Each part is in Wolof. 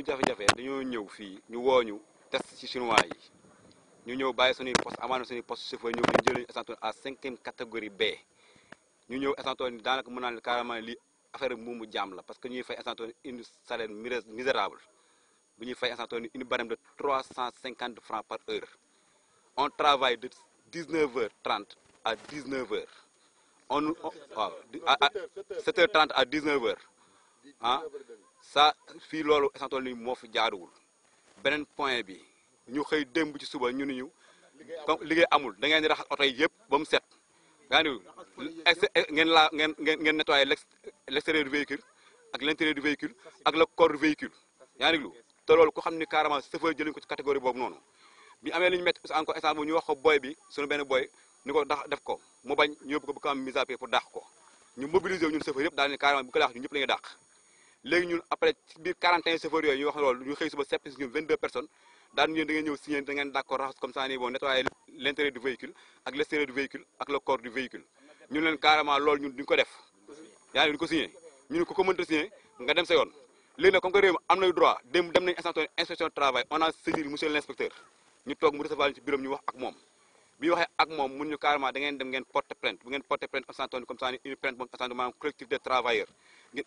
suñu jafe-jafe dañoo ñëw fii ñu wooñu test ci chinois yi ñu ñëw bàyyi suñuy poste amaana suñuy poste chauffeur ñëw ñu jëlee échantillon à cinquième catégorie B ñu ñëw échantillon yi daanaka mën naa ne carrément lii affaire bi moomu jaam la parce que ñuy fay échantillon une salaire misérable bu ñuy fay échantillon une barème de trois cent cinquante francs par heure on travaille de dix neuf heures trente à dix neuf heures on waaw à sept heures à dix neuf heures ah ça fii loolu esantool ni moo fi jaaruwul beneen point bi ñu xëy démb ci suba ñu niñu comme liggéey amul da ngeen di raxas oto yi yëpp ba mu set yaa ngi ngeen laa ngeen ngeen ngeen nettoyé l'extérieur du véhicule ak l'intérieur du véhicule ak le corps du véhicule yaa ngi te loolu ku xam ni carrément chauffeur jëliñ ko ci boobu noonu bi amee li ñu métti encore instant bu ñu wax ko boy bi suñu benn boy ni ko dax def ko mu bañ ñu yóbbu ko bu ko mise à pied pour dàq ko ñu mobiliser ñu ñëpp la ñuy léegi ñun après ci biir 41 chauffeurs yooyu ñu wax loolu ñu xëy suba seppi si ñun 22 personnes daan ñeen da ñëw signé da ngeen raxas comme ça nii bon nettoyer l'intérieur du véhicule ak l'extérieur du véhicule ak le corps du véhicule ñun leen carrément loolu ñun duñ ko def yaa ngi duñ ko signé ñun ku ko mënta signé nga dem sa léegi nag comme que réew mi am nañu droit dem dem nañu instantané inspection de travail on a saisi moom bi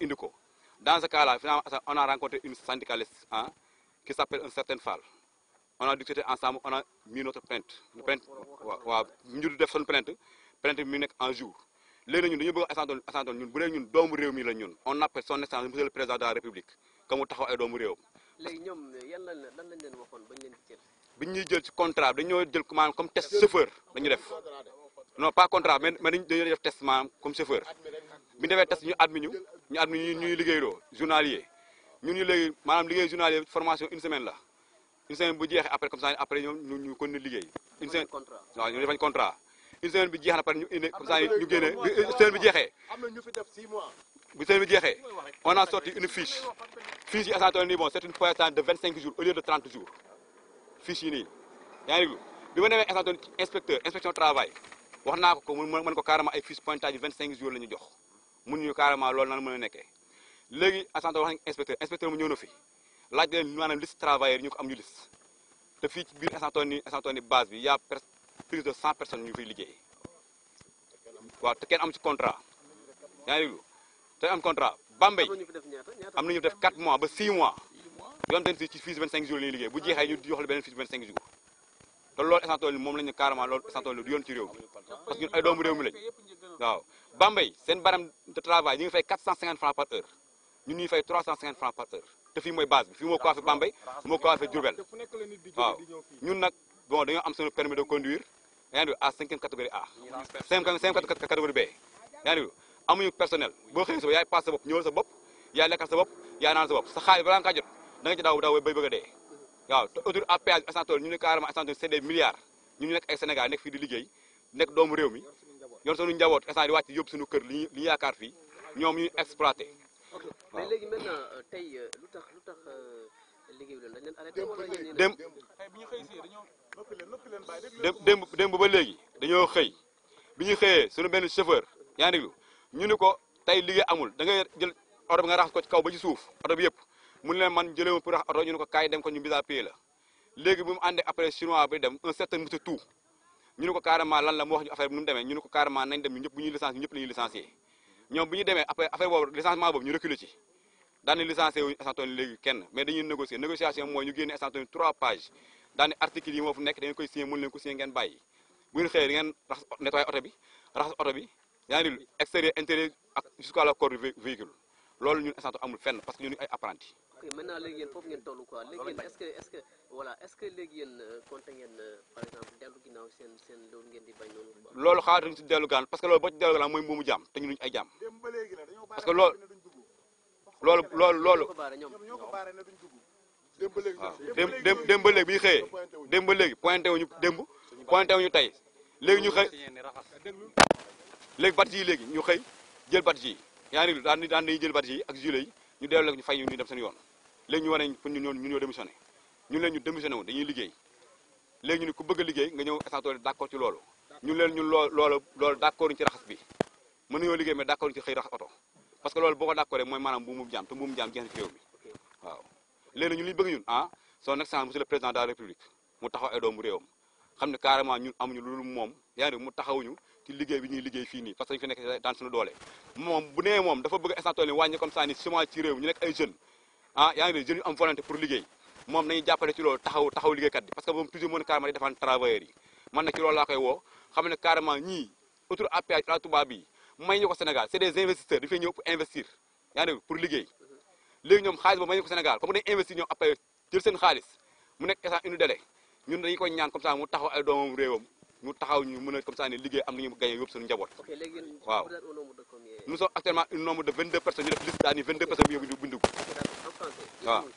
ñu ko Dans ce cas-là, on a rencontré une syndicaliste hein, qui s'appelle un certain Fall. On a discuté ensemble, on a mis notre plainte. Nous avons fait une plainte, plainte en jour. léegi ñun dañu bëgg asantoon ñun bu ñun doomu réew mi la ñun on appelle son excellence monsieur président de la république que mu taxaw ay doomu réewam. léegi ñoom yan lan lan lañ leen waxoon bi ñuy jël ci contrat bi dañoo jël maanaam comme test chauffeur dañu def non pas contrat mais dañuy def test maanaam comme chauffeur bi ñu defee test ñu admis ñu ñu admis ñu ñuy liggéeyloo journalier ñun ñu léegi maanaam liggéey journalier formation une semaine la une semaine bu jeexee après comme ça après ñoom ñu ñu kon ne liggéey une semaine waaw ñu defañ contrat une semaine bi jeex na pare ñu indi comme ça ñu génne semaine bu semaine bi a sorti une fiche fiche yi asantoon nii bon c'est une poignée de 25 jours au lieu de 30 jours fiche yi nii yaa ngi dégg bi ma demee asantoon inspecteur inspection travail wax naa ko ko la ñu jox mun ñu carrément loolu nan mën a nekkee léegi asante wax nañ inspecteur inspecteur mu ñëw na fi laaj leen na liste travailleurs yi ñu ko am ñu liste te fii ci biir asantoon ni asantoon ni base bi y a plus de cent ñu fiy liggéey waaw te kenn am ci contrat yaa ngi déglu te am contrat Bambey am nañu def 4 mois ba 6 mois yoon ten si ci fiche jours la liggéey bu jeexee ñu jox la beneen fiche 25 jours te loolu asantoon ni moom lañu carrément loolu asantoon ni du yoon ci réew mi Bambey seen barème de ñu ngi fay 450 francs par heure ñun ñuy fay 350 francs par heure te fii mooy base bi fii moo coiffé Bambey moo coiffé Diourbel waaw ñun nag bon am suñu permis de conduire yaa ngi à cinquième catégorie A cinquième catégorie B yaa ngi amuñu personnel boo xëyee sa yaay paas sa bopp ñëwal sa bopp yaay lekkal sa bopp yaay naan sa bopp sa xaalis balaa nga jot da nga ci daaw daaw bëgg mi yor sunu njaboot instant di wàcc yóbbu sunu kër li ñu yaakaar fii ñoom ñu exploité. ok mais léegi maintenant euh, tey euh, lu tax lu tax euh, liggéey bi dañ leen arrêté wala yéen dem démb démb ba léegi dañoo xëy bi ñu xëyee sunu benn chauffeur yaa ngi déglu ñu ni ko tey liggéey amul da ngay jël oto bi nga raxas ko kaw ba ci suuf oto bi yëpp mu ne leen man jëlee ma pour rax oto ñu ne ko kaay dem ko ñu bisa payé la léegi bi mu àndee après chinois bi dem un certain monsieur tout ñu ne ko carrément lan la mu wax ñu affaire bi nu mu demee ñu ne ko carrément nañ dem ñu ñëpp bu ñuy licencié ñëpp la ñuy ñoom bi ñu demee après affaire boobu licenciement boobu ñu reculé ci daani licencié wuñu instanton léegi kenn mais dañuy négocier négociation mooy ñu génne instanton trois pages daani article yi moo fu nekk dañu koy signé mën leen ko signé bàyyi bu ngeen xëyee ngeen raxas nettoyé oto bi raxas oto bi yaa ngi extérieur intérieur ak jusqu'à ñun instanton amul fenn parce loolu xaar duñ si dellu gaan parce que loolu boo ci dellu gaan mooy mbuumu jaam te ñu duñ ay jaam parce que loolu loolu loolu loolu waaw ba léegi bi ñu xëyee démb ba léegi pointé wuñu démb pointé léegi ñu xëy léegi bat yi léegi ñu xëy jël bat yi yaa ngi daan dañuy jël bat yi ak jule yi ñu dellu ñu fay ñu dem seen yoon léegi ñu war nañ pour ñu ñoo démissionné ñun leen ñu démissionné dañuy liggéey léegi ñu ne ku bëgg liggéey nga ñëw instantoon d'accord ci loolu ñun leen ñun loo loolu loolu d'accord ñu ci raxas bi mën nañoo liggéey mais d'accord ñu ci xëy raxas oto parce que loolu boo ko d'accordé mooy maanaam buumum jaam te buumum jaam jeex na ci réew mi waaw léegi ñun li ñu bëgg ñun ah son excellence monsieur le président de la république mu taxaw ay doomu réewam xam ne carrément ñun amuñu loolu moom yaa ngi mu taxawuñu ci liggéey bi ñu liggéey fii nii parce que ñu fi nekk daan suñu doole moom bu nee moom dafa bëgg instantoon wàññi comme ça ni semence ah, liggéey moom nañu jàppale ci loolu taxaw taxaw liggéeykat yi parce que moom toujours mën carrément di defaan travailleurs yi man nag ci loolu laa koy woo xam ne carrément ñii autour APH la Touba bi may ñu ko Sénégal c'est des investisseurs dafay ñëw pour investir yaa ngi pour liggéey léegi ñoom xaalis boobu may ñu ko Sénégal comme dañu investir ñoom après jël seen xaalis mu nekk instant une délai ñun dañu koy ñaan comme ça mu taxaw ay doomam réewam ñu taxaw ñu mën a comme ça ne liggéey am nañu gagné yóbbu suñu